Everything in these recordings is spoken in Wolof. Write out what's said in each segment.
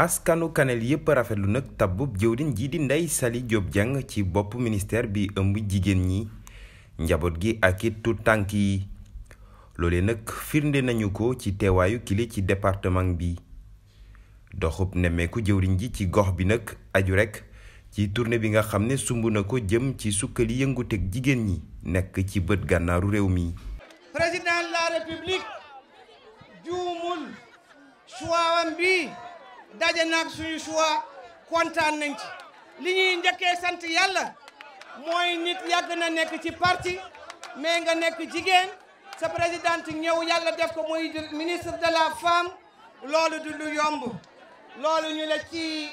askanu kanel yépp rafetlu nak tabub jëwriñ ji di nday sali job jang ci bop ministère bi ëmb jigen ñi njabot gi ak tout tanki lolé nak firnde nañu ko ci teewaayu kili ci département bi doxub nemmeeku jëwriñ ji ci gox bi nak aju rek ci tournée bi nga xamné ne nako jëm ci sukkali yënguteg jigen ñi nek ci bët gannaaru réew mi président de la république djumul choix bi daje naag suñu choix kontaan nañ ci li ñuy njëkkee sant yàlla mooy nit yàgg na nekk ci parti mais nga nekk jigéen sa présidente ñëw yàlla def ko muy ministre de la femme loolu du lu yomb loolu ñu la ci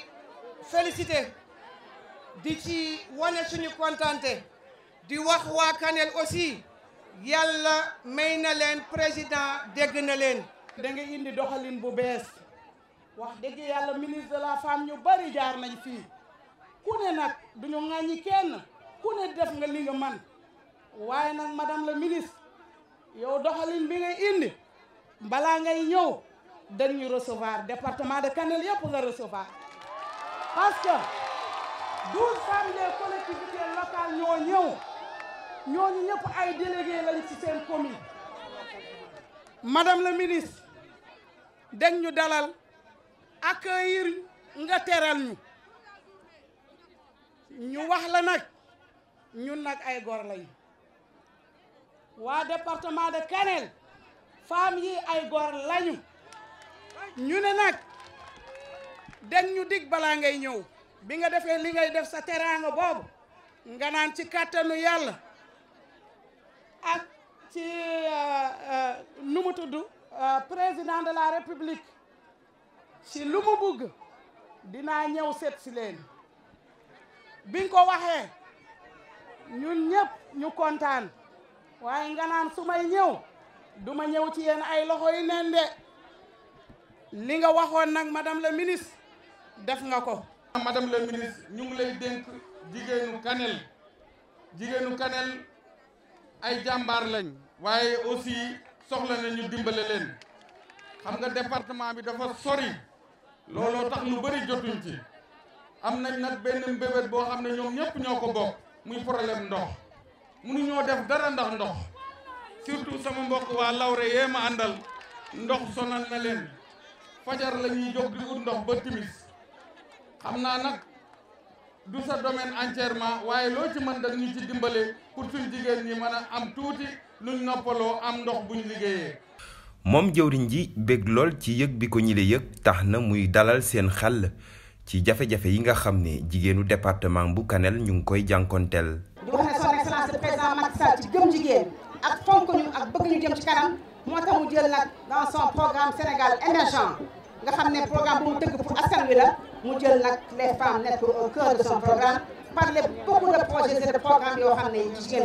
félicité di ci wane suñu kontante di wax waa Kanel aussi yàlla may na leen président dégg na leen da nga indi doxalin bu bees wax dëgg yàlla ministre de la femme ñu bari jaar nañ fi ku ne nak duñu ngañi kenn ku ne def nga li nga man waye nak madame la ministre yow doxalin bi ngay indi bala ngay ñew dañ ñu recevoir département de Kanel yépp nga recevoir parce que douze femmes des collectivités locales ñoo ñew ñoo ñëpp ay délégué lañ ci seen commune madame la ministre dañ ñu dalal accueillir nga teral ñu ñu wax la nak ñun nak ay gor lay wa département de Kanel fam yi ay gor lañu ñu ne nak dañ ñu dig bala ngay ñew bi nga defee li ngay def sa nga bob nga nan ci katanu yalla ak ci euh, euh numu tuddu euh, président de la république ci lu mu bugg dinaa ñëw seet si leen biñ ko waxee ñun ñëpp ñu kontaan waaye nga naan su may ñëw du ma ñëw ci ay loxo yu neen de li nga waxoon nag madame la ministre def nga ko. madame la ministre ñu ngi lay dénk jigéenu Kanel jigéenu Kanel ay jàmbaar lañ waaye aussi soxla nañu dimbale leen xam nga département bi dafa sori. looloo tax ñu bëri jotuñ ci am nañ nag benn mbébét boo xam ne ñoom ñëpp ñoo ko bokk muy problème ndox ñoo def dara ndox ndox surtout sama mbokk waa lawre yee ma àndal ndox sonal na leen fajar la ñuy jóg di ut ndox ba timis xam naa nag du sa domaine entièrement waaye loo ci mën dañu ci dimbale pour suñ jigéen ñi mën a am tuuti luñ noppaloo am ndox buñ liggéeyee moom jëwriñ ji bég lool ci yëg bi ko ñile yëg tax na muy dalal seen xel ci jafe-jafe yi nga xam ne jigéenu département bu Kanel ñu ngi koy jànkonteel. di wax ne son excellence le président Macky Sall ci gëm jigéen ak fonk ñu ak bëgg ñu jëm ci kanam moo tax mu jël nag dans son programme Sénégal émergent nga xam ne programme bu mu tëgg pour askan wi la mu jël nag les femmes nekk au cœur son programme par les beaucoup de projets et de yoo xam ne jigéen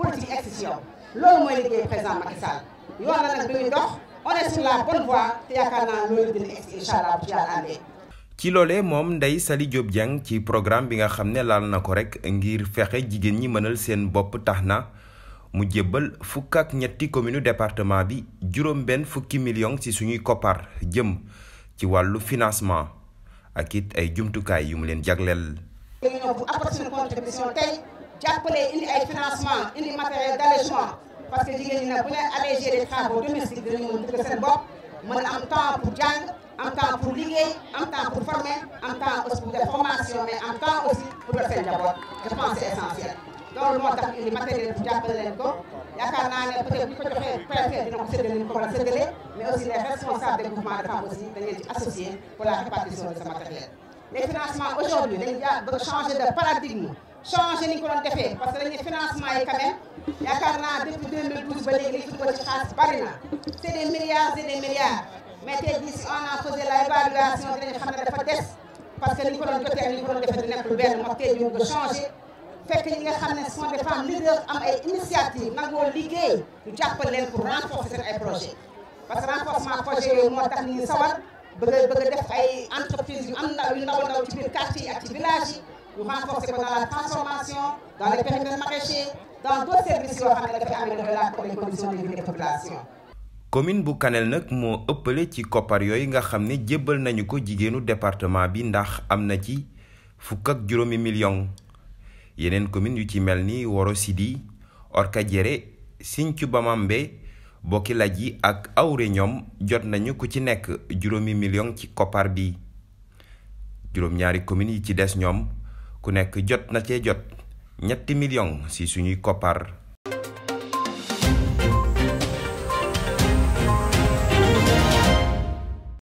politique excision si moy loolu président Macky Sall yoon la nak bi dox on est sur la bonne voie te yakarna naa loolu dina ex inshallah bu ci yàlla àndee. ci lolé mom Ndeye sali job jang ci programme bi nga xamné ne laal na ko rek ngir fexé jigen ñi mënal seen bop taxna mu jébal fukk ak ñetti commune département bi juróom ben fukki million ci suñuy copar jëm ci walu financement ak it ay jumtukaay yu mu leen jaglél dañu bu apporter contribution tey. Les indi ay financement indi matériel d'allègement parce que j'ai ñi nag alléger les travaux domestiques de de dugg seen bopp mon am temps pour jàng am temps pour liggéey am temps pour former am temps aussi pour des formations mais am temps aussi pour le faire je pense que c'est essentiel Donc, moo tax indi matériel pour j'appelle y ko y a ne peut-être bu ñu mais aussi les responsables des mouvements de femmes aussi pour la répartition de ces matériels. les financements aujourd'hui a changer de paradigme changé ni ko doon defee parce que dañuy financement yi quand même yaakaar naa depuis 2012 ba léegi li ci dugal ci xaalis bari na c' est des milliards et des milliards mais tey jii si on a faisait la évaluation dañu xam ne dafa des parce que ni ko doon jotee ak li ko doon defee du nekk lu benn moo tey ñu ko changé fekk ñi nga xam ne ce sont des femmes leaders am ay initiatives nangoo liggéey ñu jàppal leen pour renforcer seen ay projet parce que renforcement projet yooyu moo tax ñu sawar bëgg bëgg def ay entreprise yu am na yu ndaw ndaw ci biir quartier yi ak ci village yi ñu commune bu Kanel nag moo ëppale ci koppar yooyu nga xam ni jébbal nañu ko jigéenu département bi ndax am na ci fukk ak juróomi million yeneen commune yu ci mel ni Woro Sidi Orkadiéré Sinthiou Bamambé Bokiladji ak Aouré ñoom jot nañu ku ci nekk juróomi million ci koppar bi juróom-ñaari commune yi ci des ñoom ku nekk jot na cee jot ñetti million si suñuy koppar